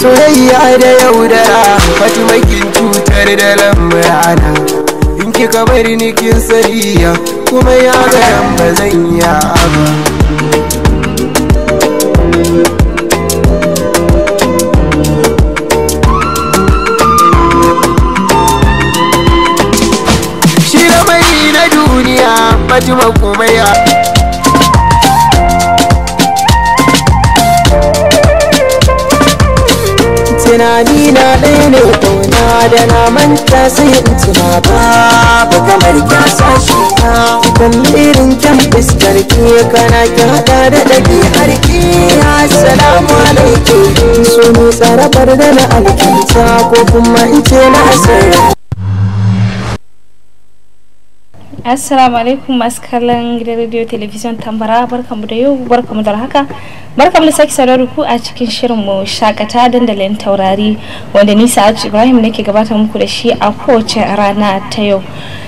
soyayya da yaudara fatima cutar da lamurana in kika bari ni sariya kuma ya garan ba zan ya ba Fatima kuma ya tunani na ɗaya ne kona da na manta sai in tuna babu kamar kyasa shi na kallirin kyan fuskar ki kana ki hada da har harki assalamu alaikum so ni tsarabar da na alkinta ko kuma in ce na asirra assalamu alaikum masu kallon gidan radio television tambara barkamu da yau barkamu da haka barkamu da sake saurari ku a cikin shirin mu shakata dandalin taurari wanda ni sa'ad ibrahim nake gabata muku da shi a kowace rana ta yau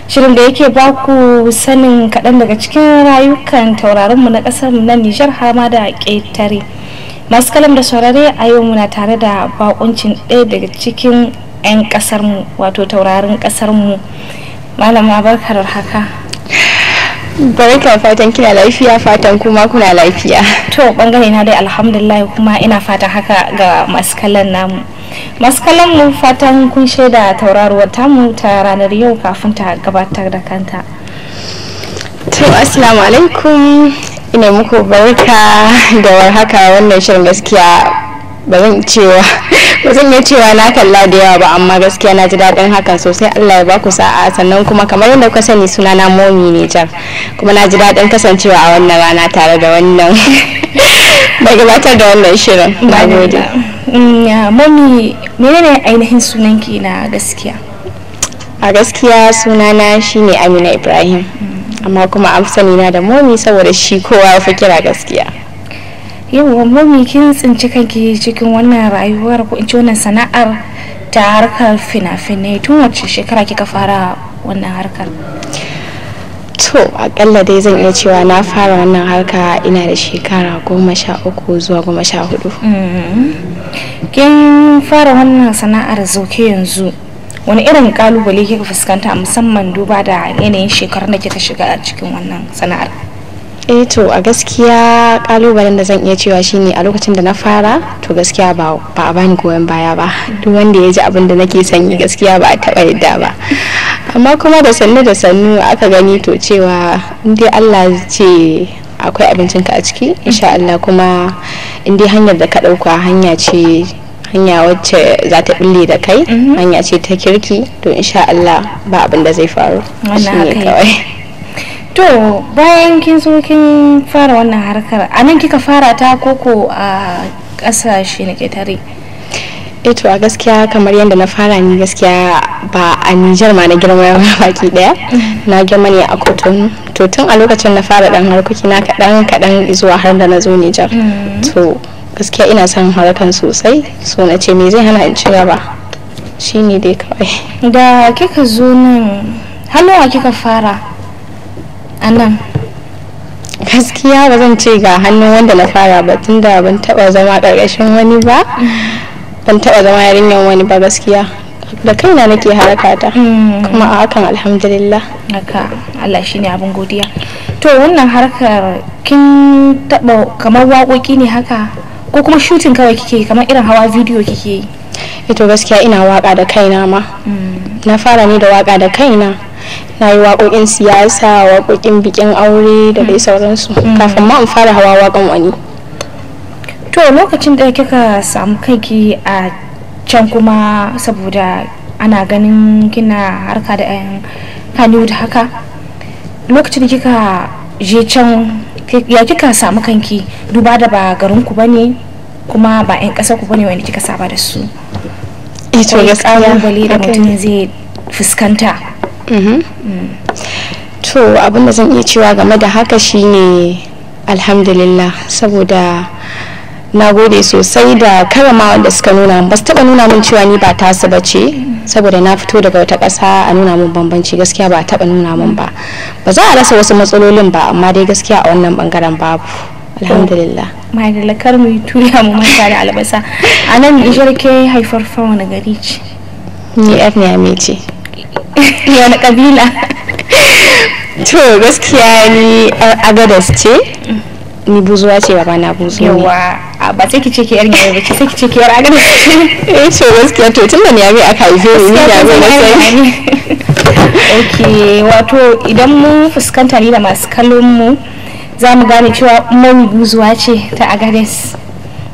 shirin da yake ba ku sanin kaɗan daga cikin rayukan taurarinmu na ƙasar na nijar har ma da ƙetare masu kallon da saurare a yau muna tare da bakuncin ɗaya daga cikin 'yan ƙasarmu wato taurarin ƙasarmu mu malama barka da haka barka fatan kina lafiya fatan kuma kuna lafiya to bangare na dai alhamdulillah kuma ina fata haka ga masu kallon namu masu kallon mu fatan kun shaida tauraruwar tamu ta ranar yau kafin ta gabatar da kanta to assalamu alaikum ina muku barka da warhaka wannan shirin gaskiya ba zan cewa ba zan iya cewa na kalla da yawa ba amma gaskiya na ji daɗin hakan sosai Allah ya baku sa'a sannan kuma kamar yadda kuka sani suna na momi ne jar kuma na ji daɗin kasancewa a wannan rana tare da wannan da gabatar da wannan shirin na gode mm, momi menene ainihin ki na gaskiya a gaskiya sunana shine amina ibrahim mm. amma kuma amsani na da momi saboda shi kowa ya fi kira gaskiya yau mami kin tsinci kanki cikin wannan rayuwar ko in wannan sana'ar ta harkar fina-finai tun wacce shekara kika fara wannan harkar to akalla dai zan iya cewa na fara wannan harka ina da shekara goma sha uku zuwa goma sha hudu mm-hmm. kin fara wannan sana'ar zoke yanzu wani irin kalubale kika fuskanta musamman duba da yanayin shekarun da kika shiga a cikin wannan sana'ar eh to a gaskiya kalubalen da zan iya cewa shine a lokacin da na fara to gaskiya ba a bani goyon baya ba duk wanda ya ji abin da nake sanyi gaskiya ba a taba yadda ba amma kuma da sannu da sannu aka gani to cewa dai Allah ce akwai abincin ka a ciki insha Allah kuma indai hanyar da ka dauka hanya ce hanya wacce za ta bille da kai mhm. hanya ce ta kirki to insha Allah ba abin da zai faru shi kawai to bayan kin so kin fara wannan harkar a nan kika fara ta koko a ƙasashe na ƙetare eh to a gaskiya kamar yadda na fara ni gaskiya ba a nijar ma na girma baki daya na girma ne a kotun to tun a lokacin na fara dan harkoki na kaɗan kaɗan zuwa har da na zo nijar mm. to gaskiya ina son harkan sosai so na ce me zai hana in ci gaba shine dai kawai da kika zo nan hannuwa kika fara anan gaskiya ba zan ce ga hannun wanda na fara ba tunda ban taba zama karkashin wani ba ban taba zama yarinyar wani ba gaskiya da kaina nake harakata mm. kuma a hakan alhamdulillah haka Allah shine abin godiya to wannan harkar kin taba kamar waƙoƙi ne haka ko kuma shooting kawai kike kamar irin hawa video kike yi eh to gaskiya ina waka da kaina ma mm. na fara ne da waka da kaina na yi waƙoƙin siyasa waƙoƙin bikin aure da dai hmm. sauransu hmm. kafin ma in fara hawa waƙan wani to lokacin da kika samu kanki a can kuma saboda ana ganin kina harka da yan da haka lokacin da kika je can ya kika samu kanki duba da ba garinku ba ne kuma ba 'yan ƙasar ku bane wani kika saba da su. Ito eh, gaskiya. Ƙalubale da mutum zai fuskanta. Mm-hmm. to abin da zan iya cewa game da haka shine alhamdulillah saboda na gode sosai da karama wanda suka nuna ba su taba nuna min cewa ni ba tasu ba ce saboda na fito daga wata ƙasa a nuna min bambanci gaskiya ba taba nuna min ba ba za a rasa wasu matsalolin ba amma dai gaskiya a wannan bangaren babu alhamdulillah mai da lakar mai tuya mu mata da albasa a nan nijar ke haifar fa wani gari ce ni yar ne ce wani kabila to gaskiya ni agadas ce ni buzuwa ce ba na buzuwa yawa ba sai ki ce ki yar gida ba ki sai ki ce ki yar agadas ce eh to gaskiya to tun da ni abi aka haife ni ni da ba na sai okay wato idan mun fuskanta ni da masu kallon mu za mu gane cewa mu buzuwa ce ta agadas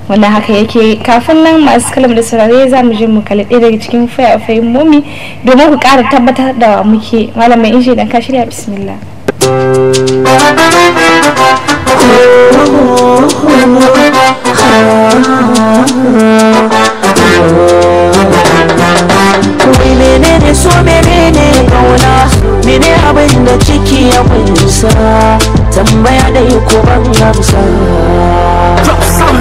wannan haka yake kafin nan masu kalam da saurare za mu je mu kalli ɗaya daga cikin fayafayin momi domin ku ƙara tabbatar da muke malamai inji dan ka shirya bismillah oh, oh, oh, oh, oh mene abin da ciki ya kunsa tambaya da yi ko ban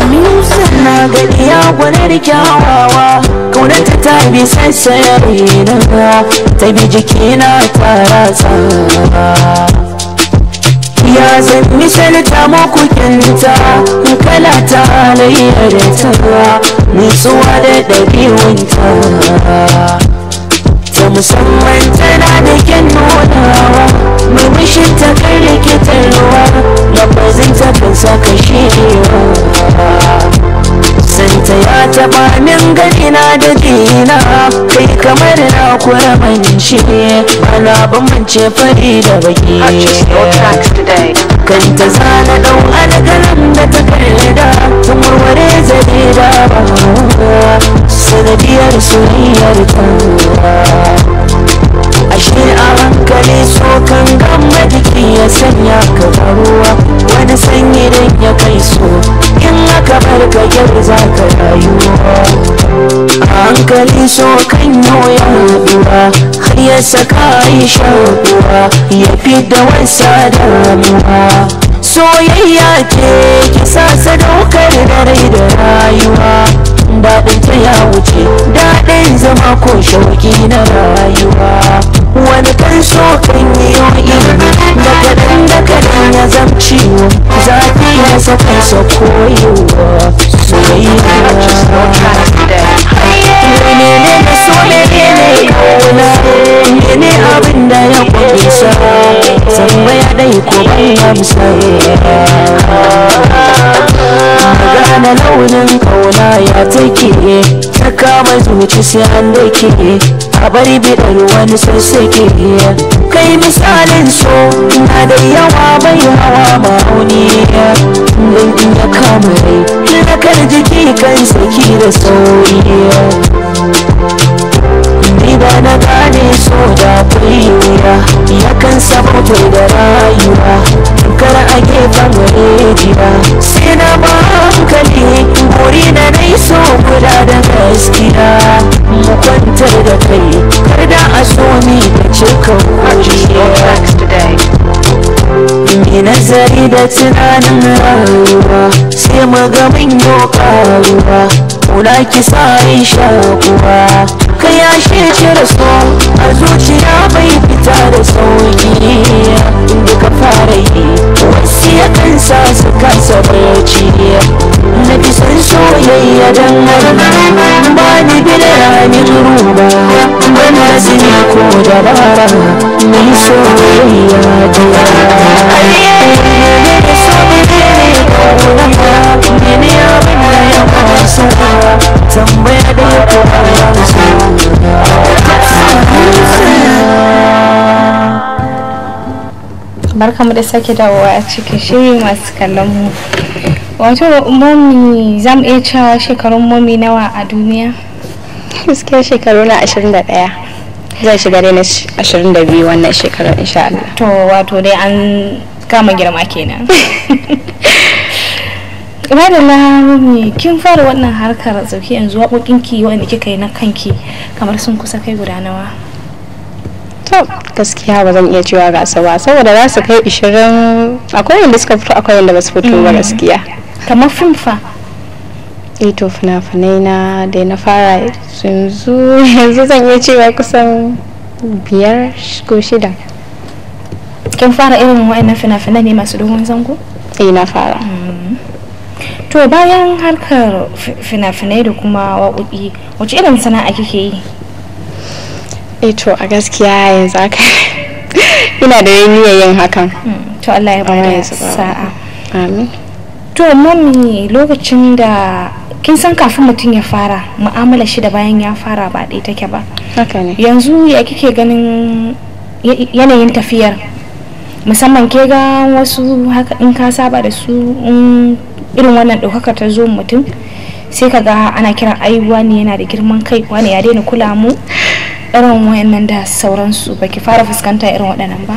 music na gani ya gwane da kyawawa kaunarta ta bi ya na ta bi jikina ta ratsa ya zan ta muku kyanta kala ta halayyar ta nutsuwa da ɗabi'unta musamman tana da kyan nunawa murmushin ta kai rikitarwa lambazin ta kan saka shewa santa ya taɓa min ganina da dina kai kamar na kura manci ana bambance fari da baki kanta zana ɗau alƙalam da ta ka gyara za ka rayuwa a hankali so kan yawan haɗuwa har ya saka yi shaɗuwa ya fi da wasa damuwa soyayya ce ki sa sadaukar da da rayuwa daɗin ta ya wuce daɗin zama ko shauki na rayuwa wani kan so kan yi yoyi da kadan da kadan ya zam ciwo zafi ya saka sa koyewa soyayya menene na so menene kauna menene abin da ya kwamisa tambaya dai ko ban amsa magana launin kauna ya take ta zuci sai an dake a bari bidar wani sassake kai misalin so na da yawa bai hawa ma'auni don in ya kama rai lakar jiki kan saki da sauri ba na gane so da kuriya kan sababu da rayuwa kar a gefen rejiya sai na ba hankali wuri na nai so guda da gaskiya mu kwantar da kai kar da a so ni da cika Mai nazari da tunanin rayuwa sai mu ga mun yi ƙaruwa, kula ki sa in shakuwa. ka yashe shi da a zuciya bai fita da sauyi inda ka fara yi wasu yakan sa su kasa barci na fi san soyayya don ba ni bi da ramin ruba bana ko dabara mai soyayya da barkamu da sake dawowa a cikin shiri masu kallon mu wato mami za mu iya cewa shekarun mami nawa a duniya gaskiya shekaru na 21 zai shiga dai na 22 wannan shekarar insha Allah to wato dai an kama girma kenan madalla lamuni kin fara wannan harkar tsauki yanzu waƙoƙinki wanda kika yi na kanki kamar sun kusa kai guda nawa gaskiya ba zan iya cewa gasa ba saboda za su kai ishirin akwai wanda suka fito akwai wanda ba su fito ba mm. gaskiya kamar fim fa eh to fina-finai na da na fara yanzu yanzu zan iya cewa kusan biyar ko shida kin fara irin wa'annan fina-finai ne masu dogon zango eh na fara mm. to bayan harkar fina-finai da kuma waƙoƙi wace irin sana'a kike yi Eh, to a gaskiya yanzu aka ina da niyyar yin hakan hmm, to Allah ya bada sa'a amin to mami lokacin da kin san kafin mutum ya fara mu'amala shi da bayan ya fara ba ɗaya take ba haka ne yanzu ya kike ganin yanayin tafiyar musamman ke ga wasu haka in ka saba da su irin wannan ɗaukaka ta zo mutum sai ka ga ana kiran ai wani yana da girman kai wani ya daina kula mu irin wayannan da sauransu baki fara fuskanta irin waɗannan ba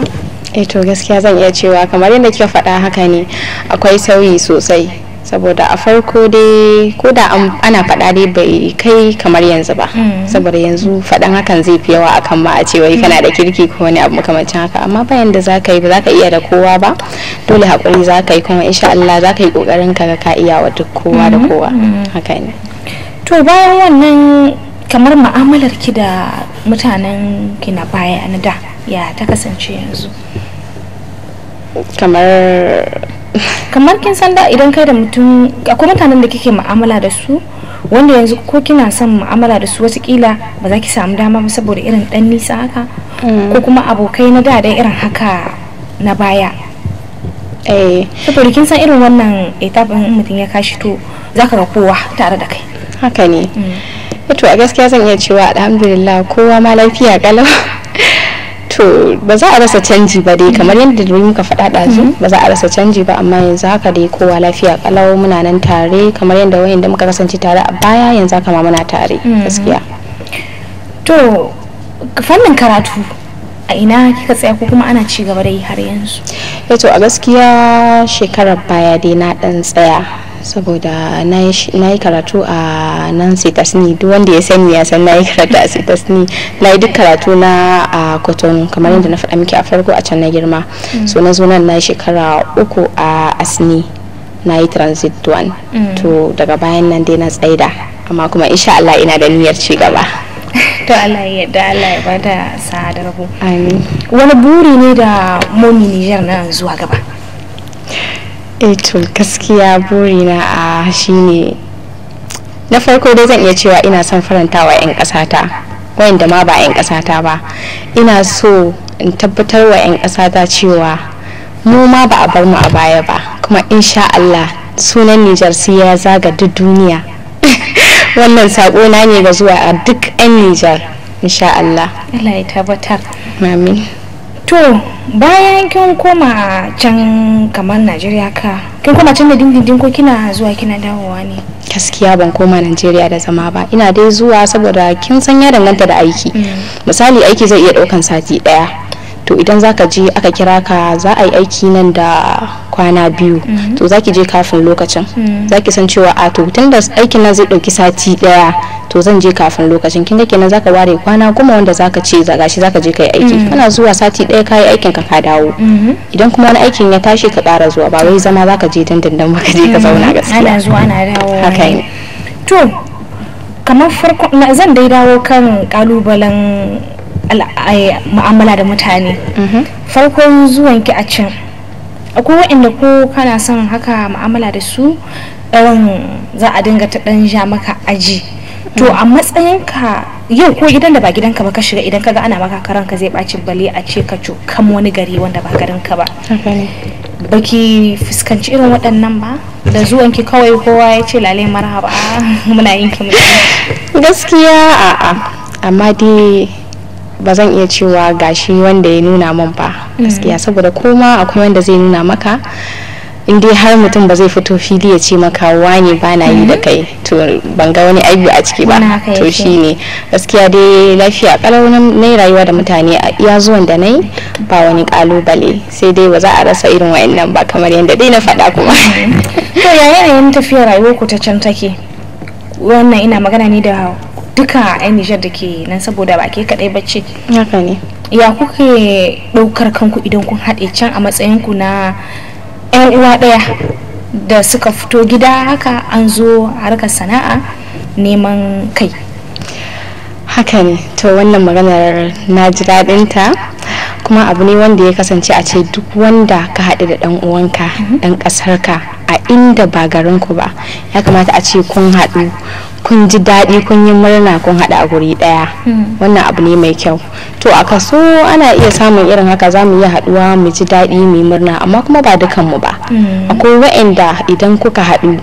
eh to gaskiya zan iya cewa kamar yadda kika faɗa haka ne akwai sauyi sosai saboda a farko dai ko da ana faɗa dai bai kai kamar yanzu ba mm. saboda yanzu faɗan hakan zai fi yawa akan ma a ce wai kana da kirki ko wani abu makamancin haka amma bayan da zaka yi ba zaka iya da kowa ba dole hakuri zaka yi kuma insha Allah zaka yi kokarin ka ka iya wa duk kowa da mm-hmm. kowa mm-hmm. haka ne to bayan wannan kamar ma'amalar ki da mutanen ki na baya na da ya ta kasance yanzu kamar kamar kin san da idan kai da mutum akwai mutanen da kike ma'amala da su wanda yanzu ko kina son ma'amala da su watakila ba za ki samu dama ba saboda irin dan nisa haka mm. ko kuma abokai na da da irin haka na baya eh. saboda kin san irin wannan etapa mutum ya kashi to za ka ga kowa tare da kai haka ne mm. Eh, to a gaskiya zan iya cewa alhamdulillah kowa ma lafiya kalau to ba za a rasa canji ba dai kamar yadda da muka faɗa ɗazu mm-hmm. ba za a rasa canji ba amma yanzu haka dai kowa lafiya kalau muna nan tare kamar yadda wayan da muka kasance tare a baya yanzu haka ma muna tare mm-hmm. gaskiya to fannin karatu a ina kika tsaya ko kuma ana ci gaba da yi har yanzu eh, to a gaskiya shekarar baya dai na ɗan tsaya saboda na yi karatu a nan sitasni duk wanda ya sani ya san na yi karatu a sitasni na yi duk karatu na a kotonu kamar yadda na faɗa miki a farko a can na girma mm. so na zo nan na shekara uku a asini na yi transit one mm. to daga bayan nan dai na tsaida amma kuma insha Allah ina da niyyar ci gaba to Allah ya yarda Allah ya bada sa'adar ku amin wani buri ne da momi Niger na zuwa gaba e to gaskiya burina a ah, shine na farko dai zan iya cewa ina son farantawa 'yan ƙasata da ma ba 'yan ƙasata ba ina so in tabbatar wa 'yan ƙasata cewa mu ma ba a bar mu a baya ba kuma insha Allah sunan Nijar sai ya zaga duk duniya wannan sako na ne ga zuwa a duk 'yan Nijar insha Allah Allah ya tabbatar amin to bayan kin koma can kamar najeriya ka kin koma can da dindindin ko kina zuwa kina dawowa ne gaskiya ban koma najeriya da zama ba ina dai zuwa saboda kin san ya danganta da aiki mm. misali aiki zai iya daukan sati daya to idan zaka je aka kira ka za a yi aiki nan da kwana biyu mhm. to zaki je kafin lokacin mhm. zaki san cewa a to tun da aikin nan zai ɗauki sati ɗaya to zan je kafin lokacin kin dake nan zaka ware kwana goma wanda zaka ce za gashi zaka je kai aiki mhm. kana zuwa sati daya kai aikin ka ka dawo idan kuma wani aikin ya tashi ka kara zuwa ba wai zama zaka je dan ba ka je ka zauna gaskiya ana zuwa ana dawo haka ne to kamar farko zan dai dawo kan kalubalen mu'amala da mutane mm-hmm. farkon zuwan a can akwai waɗanda ko kana son haka mu'amala da su za a dinga ta ɗan ja maka aji to mm-hmm. a matsayinka yau ko gidan da ba gidanka ba ka shiga idan kaga ana maka karan ka zai ɓaci bale a ce ka cokan wani gari wanda ba garin ka ba baki fuskanci irin waɗannan ba da zuwan kawai kowa ya ce lale marhaba muna yin ki gaskiya a'a amma dai ba zan iya cewa gashi wanda ya nuna man ba gaskiya mm. saboda koma akwai wanda zai nuna maka in dai har mutum ba zai fito fili ya ce maka wani ba na yi da mm. kai to ban ga wani aibu a ciki ba to shine gaskiya dai lafiya kalau na rayuwa da mutane a iya zuwan da nai ba wani kalubale sai dai ba za a rasa irin wa'annan ba kamar yadda dai na faɗa kuma to ya yin tafiyar rayuwar ku ta can take wannan ina magana ne da duka yan nijar da ke nan saboda ba ke kadai bacci haka ne ya kuke ɗaukar kanku idan kun haɗe can a matsayin ku na yan uwa ɗaya da suka fito gida haka an zo harka sana'a neman kai haka ne to wannan maganar na ji daɗinta kuma abu ne wanda ya kasance a ce duk wanda ka haɗu da ɗan uwanka mhm. ɗan ƙasarka a inda ba garinku ba ya kamata a ce kun haɗu kun ji daɗi kun yi murna kun haɗa a guri ɗaya hmm. wannan abu ne mai kyau to a kaso ana iya samun irin haka za mu iya haɗuwa mu ji daɗi mu yi murna amma kuma ba dukanmu ba hmm. akwai wa'anda idan kuka haɗu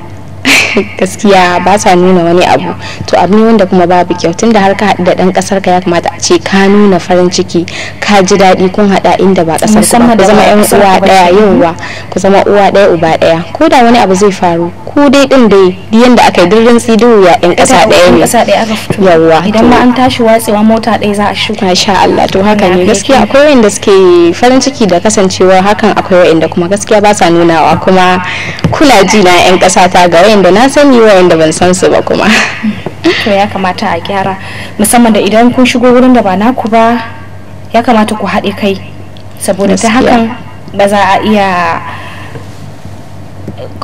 gaskiya ba sa nuna wani abu to abu ne wanda kuma babu kyau tunda har ka da ɗan ƙasar ka ya kamata a ce ka nuna farin ciki ka ji daɗi kun haɗa inda ba ƙasar ku zama ƴan uwa ɗaya yauwa ku zama uwa ɗaya uba ɗaya ko da wani abu zai faru ko dai din dai yanda aka yi dirin tsidu ya yan ƙasa ɗaya ne yauwa idan ma an tashi watsewa mota ɗaya za a shuka. masha Allah to haka ne gaskiya akwai wanda suke farin ciki da kasancewa, hakan akwai wanda kuma gaskiya ba sa nunawa kuma kula ji na ƴan kasa ta ga wanda na na sani da ban san su ba kuma to ya kamata a gyara musamman da idan kun shigo wurin da ba naku ba ya kamata ku haɗe kai saboda ta hakan ba za a iya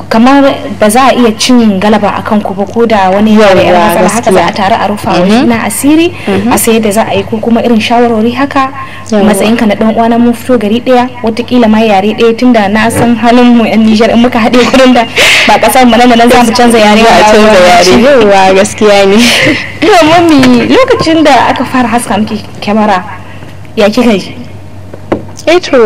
kamar ba za a iya cin galaba a kan ku ba ko da wani yanayin matsala haka za a tare a rufa wa mm-hmm. na asiri mm-hmm. a sai da za a yi ko kuma irin shawarwari haka matsayin ka na dan uwa na mun fito gari daya watakila ma yare daya tunda na san halin mu yan Nijar in muka haɗe gurin da ba kasar mu nan za mu canza yare ba canza yare gaskiya ne to mami lokacin da aka fara haska miki kyamara ya kika yi eh to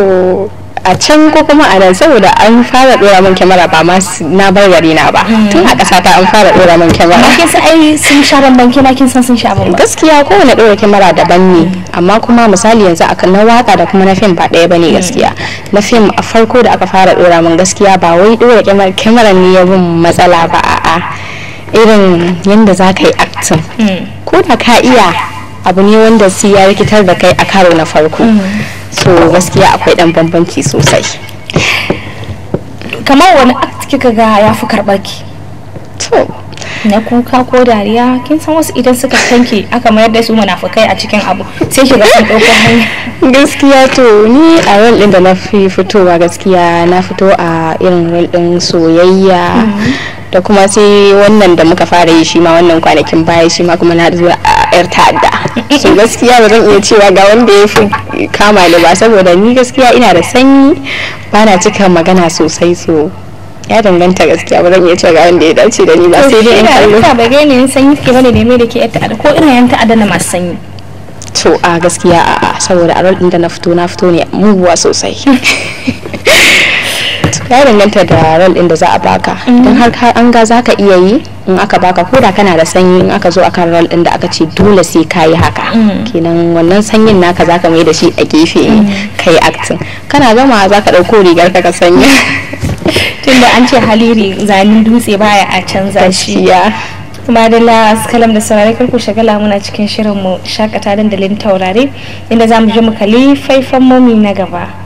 a can ko kuma a nan saboda an fara dora min kyamara ba ma na bar gari na ba hmm. tun a ƙasa ta an fara dora min kyamara kin san ai sun sha bamban kina kin san sun sha ban gaskiya ko wani dora kyamara daban ne amma kuma misali yanzu a kan waka da kuma na fim ba ɗaya bane gaskiya hmm. na fim a farko da aka fara dora min gaskiya ba wai dora kyamara ne ya bin matsala ba a'a irin yanda za ka yi acting hmm. ko da ka iya abu ne wanda su ya rikitar da kai a karo na farko so gaskiya akwai dan bambanci sosai kamar wani act kika ga ya fi karɓar ki to na kuka ko dariya kin san wasu idan suka kanki aka mayar da su munafukai a cikin abu sai ki ga sun dauko hanya gaskiya to ni a ran din da na fi fitowa gaskiya na fito a irin ran din soyayya mm-hmm. da kuma sai wannan da muka fara yi shi ma wannan kwanakin baya shi ma kuma na zuwa yar ta'adda so gaskiya ba zan iya cewa ga wanda ya fi kama da ba saboda ni gaskiya ina da sanyi ba na cika magana sosai so ya danganta gaskiya ba zan iya cewa ga wanda ya dace da ni ba sai dai in kallo ba ga yanayin sanyi ke bane da mai da ke yadda ko ina yan ta'adda na masu sanyi to a gaskiya a'a saboda a rol din da na fito na fito ne muguwa sosai ya danganta da rol din da za a baka mm-hmm. don har an ga za iya yi in aka baka ko da kana da sanyi in aka zo akan rol din da aka ce dole sai ka yi haka mm-hmm. kenan wannan sanyin naka zaka ka mai da shi a gefe mm-hmm. ka yi acting kana gama za ka ɗauko rigar ka ka sanya tunda an ce haliri zanin dutse baya a canza shi madalla kalam da saurare kar ku shagala muna cikin shirin mu shakata dandalin taurare inda za mu je mu kalli faifan momi na gaba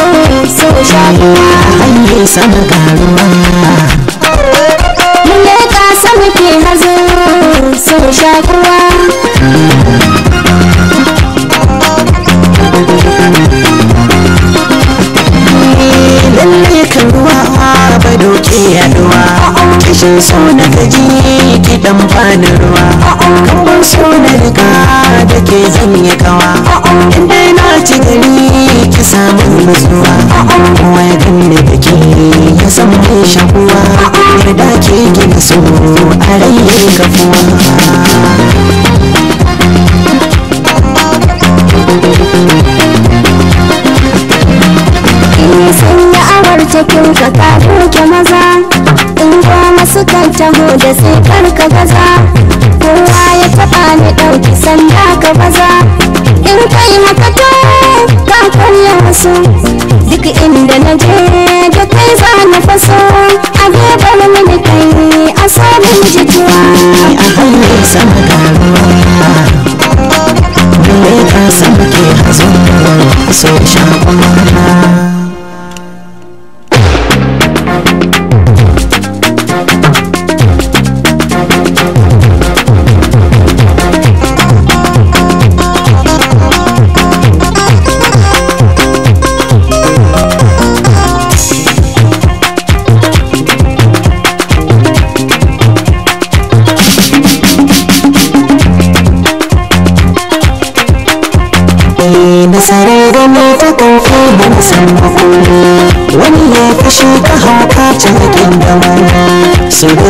mu shakuwa hanyar sama karuwa mun leƙa sama ke hazo su shakuwa kan ruwa yaduwa kishin so na gaji kiɗan fanarwa, ruwa kamar so na riga da ke zan yi kawa ka ka doke maza in goma sukan taho da sai karka gaza kowa ya taba ni ɗauki sanda ka baza in kai maka to ka kwarya wasu duk inda na je da kai za na faso a gefen mini kai a samun jituwa a hanyar sama garuwa Dole ka samu ke hazo so shakon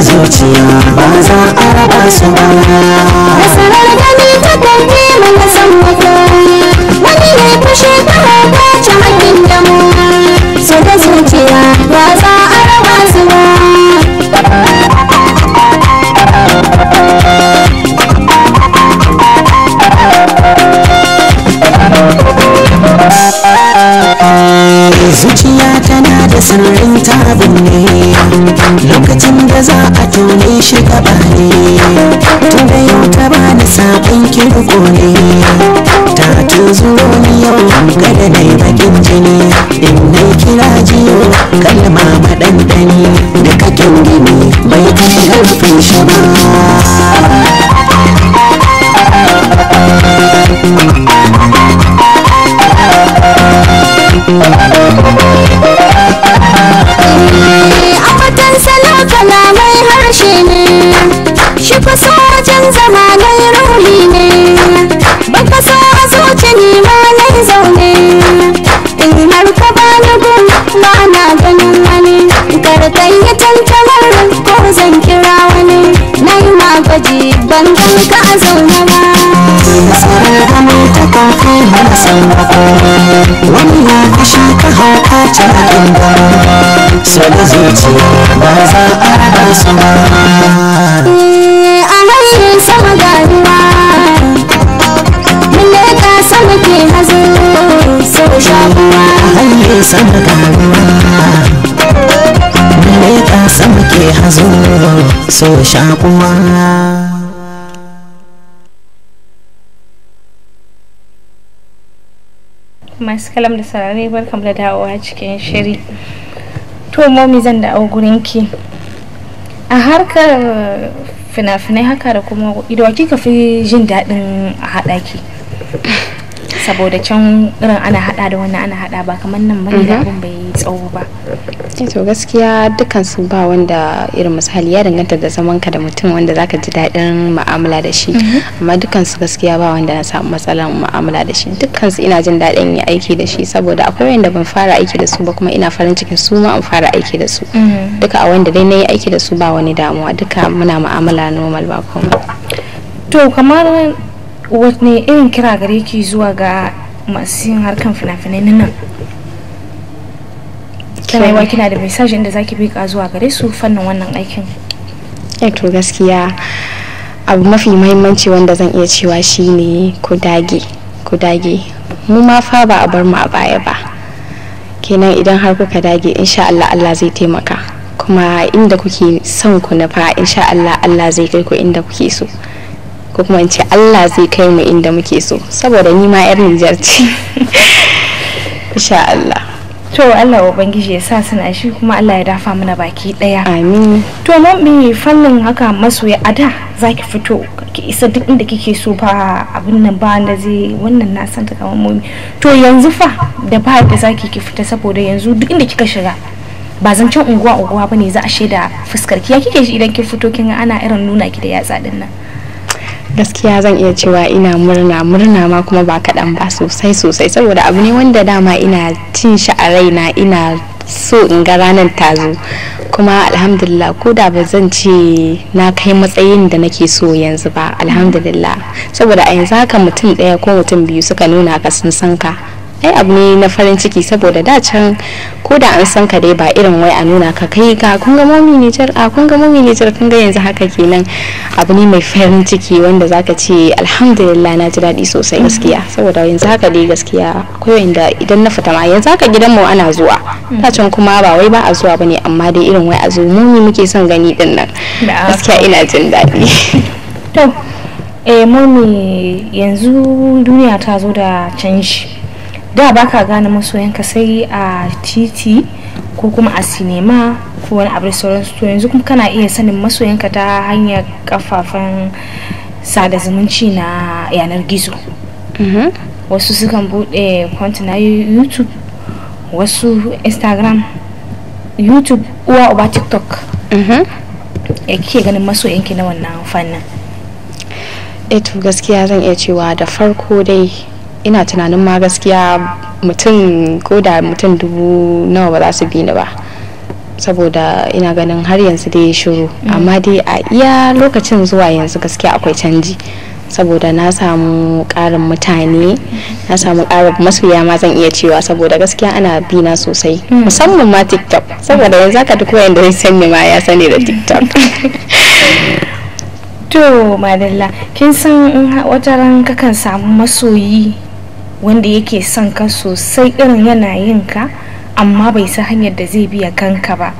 zuciya ba za a raba su ba nasarar gani ta karfe mana san wata wani ne kushe ta haka ci hannun damu su da zuciya ba za a raba su ba zuciya tana da sirrin tabin ne za a tone shi gaba ne tun da yau ta bani sabon kirko ne ta tuzuro ni yau gada na yi bakin jini in na kira jiyo kalma madandani da kakin gini bai kai ƙarfin shi ba wannan fushi ta hauka ce a inda sada zuciya ba za a raba su ba eh, sama sama ke hazo sau shakuwa alayin sama sama ke hazo sau shakuwa salam kalam da sarari barkam da dawowa cikin shiri to momi zan da ki a harkar fina-finai haka da kuma idawa kika fi jin daɗin a haɗaki saboda can irin ana hada da wannan ana hada ba kamar nan bane da mhm. abin bai tsawo ba eh to gaskiya dukkan su ba wanda irin misali ya danganta da zaman ka da mutum wanda zaka ji dadin mu'amala da shi mhm. amma dukkan su gaskiya ba wanda na samu matsalan mu'amala da shi dukkan su ina jin dadin yi aiki da shi saboda akwai wanda ban fara aiki da su ba kuma ina farin cikin su ma an fara aiki da su mhm. duka a wanda dai na aiki da su ba wani damuwa duka muna mu'amala normal ba kuma to kamar wani irin kira gare ki zuwa ga masu yin harkan fina-finai na nan yi kina da message inda zaki bika zuwa gare su fannin wannan aikin eto eh gaskiya abu mafi mahimmanci wanda zan iya cewa shine ku dage ku dage mu ma fa ba a bar mu a baya ba kenan idan har kuka dage insha Allah Allah zai taimaka kuma inda kuke son ku na fa insha Allah Allah zai kai ku inda kuke so ko kuma ce Allah zai kai mu inda muke so saboda ni ma yar Nijar ce insha Allah to Allah ubangiji ya sa suna shi kuma Allah ya dafa mana baki daya amin to bi fannin haka masoya a da zaki fito ki isa duk inda kike so ba abin nan ba da zai wannan na san ta kamar to yanzu fa da ba da zaki ki fita saboda yanzu duk inda kika shiga ba zancen unguwa unguwa bane za a shaida fuskar ki ya kike shi idan ki fito kin ana irin nuna ki da yatsa din nan gaskiya zan iya cewa ina murna murna ma kuma ba kaɗan ba sosai sosai saboda abu ne wanda dama ina cin shi a raina ina so in ga ranar ta zo kuma alhamdulillah ko da ba zan ce na kai matsayin da nake so yanzu ba alhamdulillah saboda a yanzu haka mutum ɗaya ko mutum biyu suka nuna ka sun san ka ai abu ne na farin ciki saboda da can ko da an san ka dai ba irin wai a nuna ka kai ka kun ga momi ne jar a kun ga momi ne jar kun ga yanzu haka kenan abu ne mai farin ciki wanda zaka ce alhamdulillah na ji daɗi sosai gaskiya saboda yanzu haka dai gaskiya akwai wanda idan na fita ma yanzu haka gidan mu ana zuwa ta can kuma ba wai ba a zuwa bane amma dai irin wai a zo momi muke son gani din nan gaskiya ina jin dadi. to eh mommy yanzu duniya ta zo da canji da baka gane masoyanka sai a titi ko kuma a sinima ko wani abu sauran su yanzu kuma kana iya sanin masoyanka ta hanyar kafafen sada zumunci na yanar gizo mm-hmm. wasu sukan bude kwanta na youtube wasu instagram youtube uwa uba tiktok mm-hmm. ya kike ganin masoyanki na wannan fannin eto eh gaskiya zan iya cewa da farko dai ina tunanin ma gaskiya mutum ko da mutum dubu nawa ba za su bi ni ba saboda ina ganin har yanzu dai shiru mm. amma dai a iya lokacin zuwa yanzu gaskiya akwai canji saboda na samu karin mutane na samu karin masoya ma zan iya cewa saboda gaskiya ana bina na sosai mm. musamman ma tiktok saboda yanzu aka duk da zai sani ma ya sani da tiktok to madalla kin san wata ran kakan samu masoyi wanda yake son ka sosai irin yanayin ka amma bai sa hanyar da zai biya kanka ba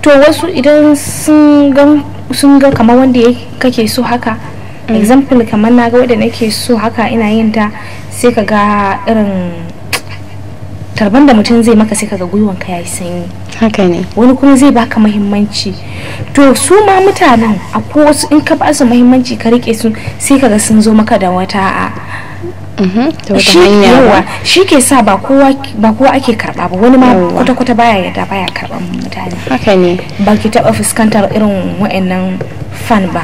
to wasu idan sun ga kamar wanda kake so haka mm. example kamar na ga wadda nake so haka ina yin ta sai ka ga irin tarban da mutum zai maka sai ka ga gwiwan ka yayi sanyi haka ne wani kuma zai baka mahimmanci to su ma mutanen akwai wasu in ka ba su muhimmanci ka rike su sai ka ga sun zo maka da wata a Mhm, shi ke sa ba kowa ake karba ba wani ma kwata-kwata baya yadda baya karban mutane haka ne ba ki taba fuskantar irin wa'annan fan ba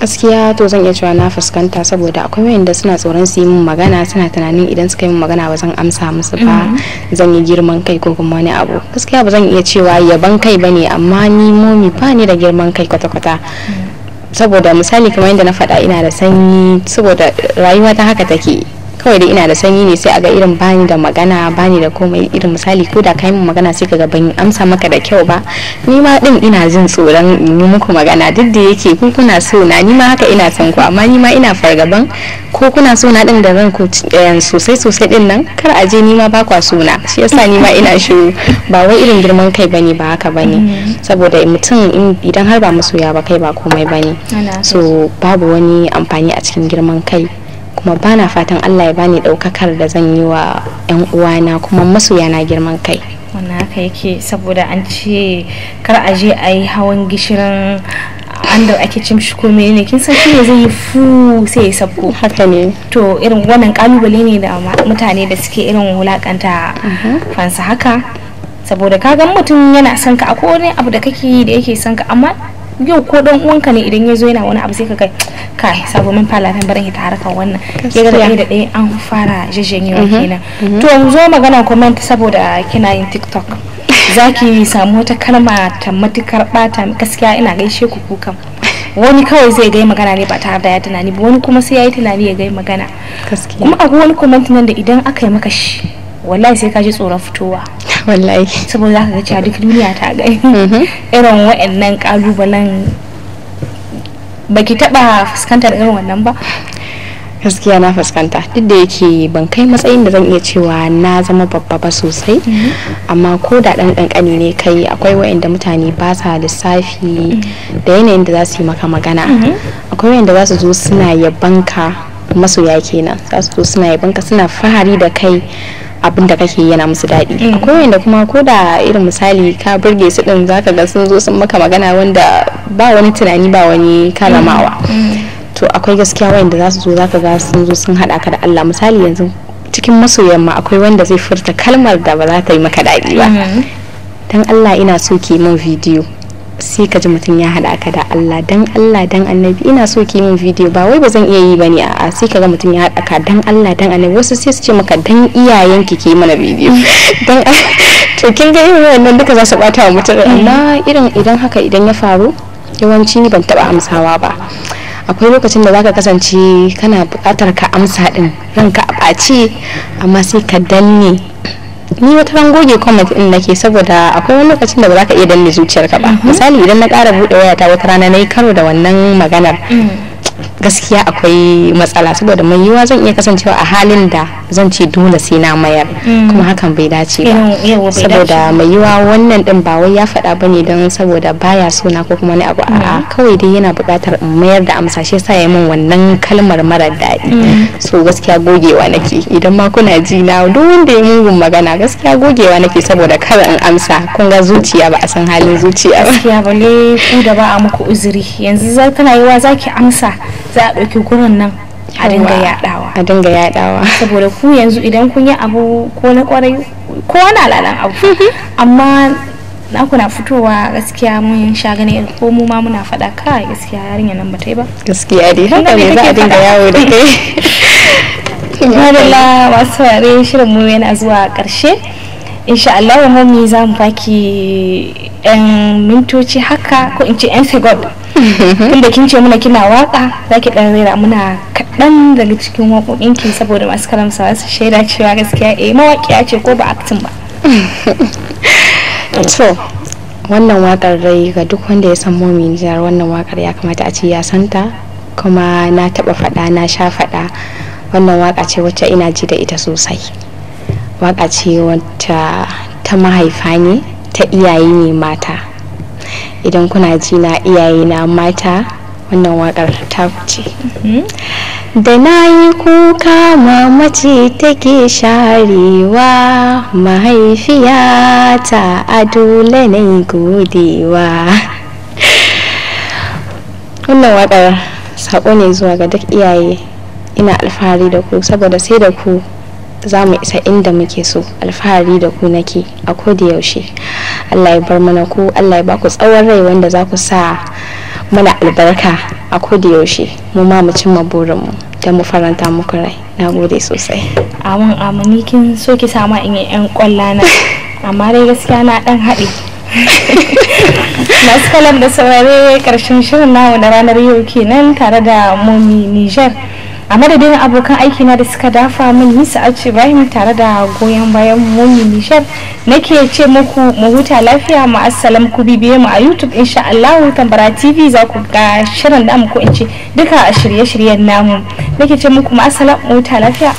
gaskiya to zan iya cewa na fuskanta saboda akwai wayanda suna tsoron su yi min magana suna tunanin idan suka yi min magana ba zan amsa musu ba mhm. zan yi girman kai ko kuma wani abu gaskiya ba zan iya cewa yaban kai ba ne amma ni momi ba ni da girman kai kwata-kwata mhm. saboda misali kamar yadda na faɗa ina da sanyi saboda rayuwa ta haka take kawai da ina da sanyi ne sai a ga irin bani da magana bani da komai irin misali ko da kai magana sai kaga ban amsa maka da kyau ba ni ma din ina jin tsoron yi muku magana duk da yake ku kuna so na ni ma haka ina son ku amma ni ma ina fargaban ko kuna so na din da zan ku eh, sosai sosai din nan kar a je ni ma ba kwa so na shi yasa ni ma ina shiru ba wai irin girman kai bane ba haka bane mm. saboda mutum idan har ba masoya ba kai ba komai bane so babu wani amfani a cikin girman kai kuma bana fatan Allah ya bani daukakar da zan yi wa yan uwana kuma yana girman kai wannan haka yake saboda an ce kar a je a yi hawan gishirin an da ake cin shi ko menene kin san shi ne zai yi fu sai ya sabko haka ne to irin wannan kalubale ne da mutane da suke irin wulakanta fansa mhm. haka saboda ga mutum yana son ka a wani abu da kake yi da yake son ka amma yau ko dan uwanka ne idan ya zo yana wani abu sai ka kai kai sabo min fala nan barin ta wannan ya ga da dai an fara jajjenyewa mhm, kenan mhm. to zo magana comment saboda kina yin tiktok zaki samu wata kalma ta matukar bata gaskiya ina gaishe ku kukan wani kawai zai gai magana ne ba tare da ya tunani ba wani kuma sai ya yi tunani ya gai magana kuma akwai wani comment nan da idan aka yi maka shi wallahi sai ka ji tsoron fitowa wallahi saboda za ka ga cewa duk duniya ta ga mm-hmm. irin wa'annan kalubalen baki taba fuskantar irin wannan ba gaskiya na fuskanta duk da yake ban kai matsayin da zan iya cewa na zama babba ba sosai mm-hmm. amma ko da dan kankani ne kai akwai wa'anda mutane ba sa lissafi mm-hmm. da yanayin da za su yi maka magana akwai wayanda za su zo suna yabanka masoya kenan za su zo suna yabon suna fahari da kai abin da kake yana musu daɗi mm. akwai wanda kuma ko da irin misali ka burge su din zaka ga sun zo sun maka magana wanda ba wani tunani ba wani kalamawa mm. mm. to akwai gaskiya wanda za su zo zaka ga sun zo sun haɗa ka da Allah misali yanzu cikin masoyan ma akwai wanda zai furta kalmar da ba za ta yi maka daɗi ba dan Allah ina so ki min bidiyo sai ka ji mutum ya haɗa ka da Allah dan Allah dan annabi ina so ki min video ba wai ba zan iya yi ba ne a'a sai ka ga mutum ya haɗa ka dan Allah dan annabi wasu sai su ce maka dan iyayen ki ke mana video dan to kin ga irin wannan duka za su bata wa mutum amma irin idan haka idan ya faru yawanci ni ban taba amsawa ba akwai lokacin da zaka kasance kana buƙatar ka amsa din ranka a ɓace amma sai ka danne ni wata ran goge comment din nake saboda akwai wani lokacin da ba za ka iya danne zuciyarka ba mm-hmm. misali idan na ƙara buɗe wayata wata rana na yi karo da wannan maganar mm. gaskiya gaskiya akwai matsala saboda mai yiwuwa zan iya kasancewa a halin da zan ce dole sai na mayar mm. kuma hakan bai dace ba saboda mai yiwuwa wannan din ba wai ya faɗa ba ne don saboda baya so na ko kuma wani abu mm. a kawai dai yana buƙatar in mayar da amsa shi yasa ya min wannan kalmar mara daɗi mm. so gaskiya gogewa nake idan ma kuna ji na duk wanda ya mugun magana gaskiya gogewa nake saboda kar in amsa kun ga zuciya ba a san halin zuciya ba gaskiya balle ku da ba a muku uzuri yanzu tana yiwa zaki amsa za a ɗauki gurin nan a dinga yaɗawa a dinga yaɗawa saboda ku yanzu idan kun yi abu ko na kwarai ko wani alalan abu amma na kuna fitowa gaskiya mun sha gane ko mu ma muna faɗa ka gaskiya yarinya nan ta yi ba gaskiya dai haka ne za a dinga yawo da kai madalla masu ware shirin mu yana zuwa ƙarshe insha Allah mu za mu baki 'yan mintoci haka ko in ce 'yan second tunda kin ce muna kina waka zaki dan rera muna kaɗan daga cikin waƙoƙin ki saboda masu karamsa su shaida cewa gaskiya eh mawaƙiya ce ko ba acting ba to wannan wakar dai ga duk wanda ya san momin jar wannan wakar ya kamata a ce ya santa kuma na taba faɗa na sha faɗa wannan waka ce wacce ina ji da ita sosai waka ce wacce ta mahaifa ta iyaye ne mata idan kuna ji na iyaye na mata wannan wakar ta fice mm-hmm. da na yi kuka mamaci take sharewa mahaifiyata a dole na yi godewa wannan wakar saƙo ne zuwa ga duk iyaye ina alfahari da ku saboda sai da ku za mu isa inda muke so alfahari da ku nake a yaushe Allah ya bar mana ku Allah ya ba ku tsawon rai wanda za ku sa mana albarka a da yaushe mu ma mu cimma mu da mu faranta muku rai na gode sosai amin amini kin so ki sama in yi yan kwalla na amma dai gaskiya na dan haɗe masu kalan da saurare karshen shirin namu na ranar yau kenan tare da momi niger a madadin abokan aiki na da suka dafa min nisa a ibrahim tare da goyon bayan mummi nishar nake ce muku mu huta lafiya mu assalam ku bibiye mu a youtube insha allahu tambara tv za ku ga shirin damu ko in ce duka a shirye-shiryen namu nake ce muku mu assalam mu lafiya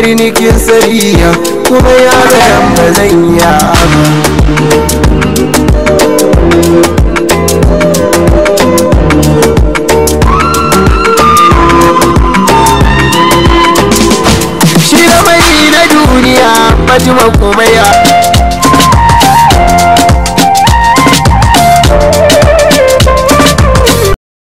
birnikin sariya kuma ya gayan ba zan ya ba shi da mai na duniya majima kuma ya